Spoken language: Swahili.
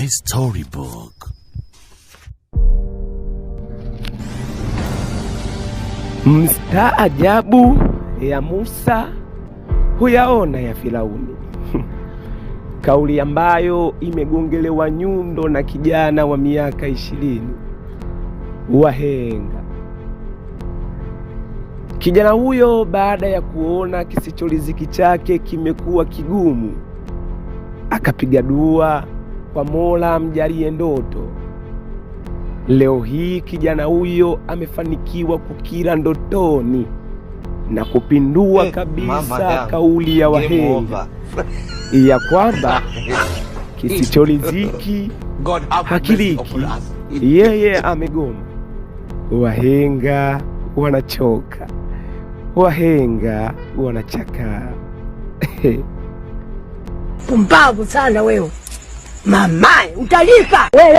The Storybook. Mstaajabu ya Musa huyaona ya Firauni. Kauli ambayo imegongelewa nyundo na kijana wa miaka ishirini wahenga. Kijana huyo baada ya kuona kisichoriziki chake kimekuwa kigumu, akapiga dua kwa Mola mjalie ndoto. Leo hii kijana huyo amefanikiwa kukira ndotoni na kupindua hey, eh, kabisa kauli ya wahenga ya kwamba kisicholiziki hakiliki, yeye amegoma. Wahenga wanachoka, wahenga wanachaka. Pumbavu sana wewe mamae utalipa wewe.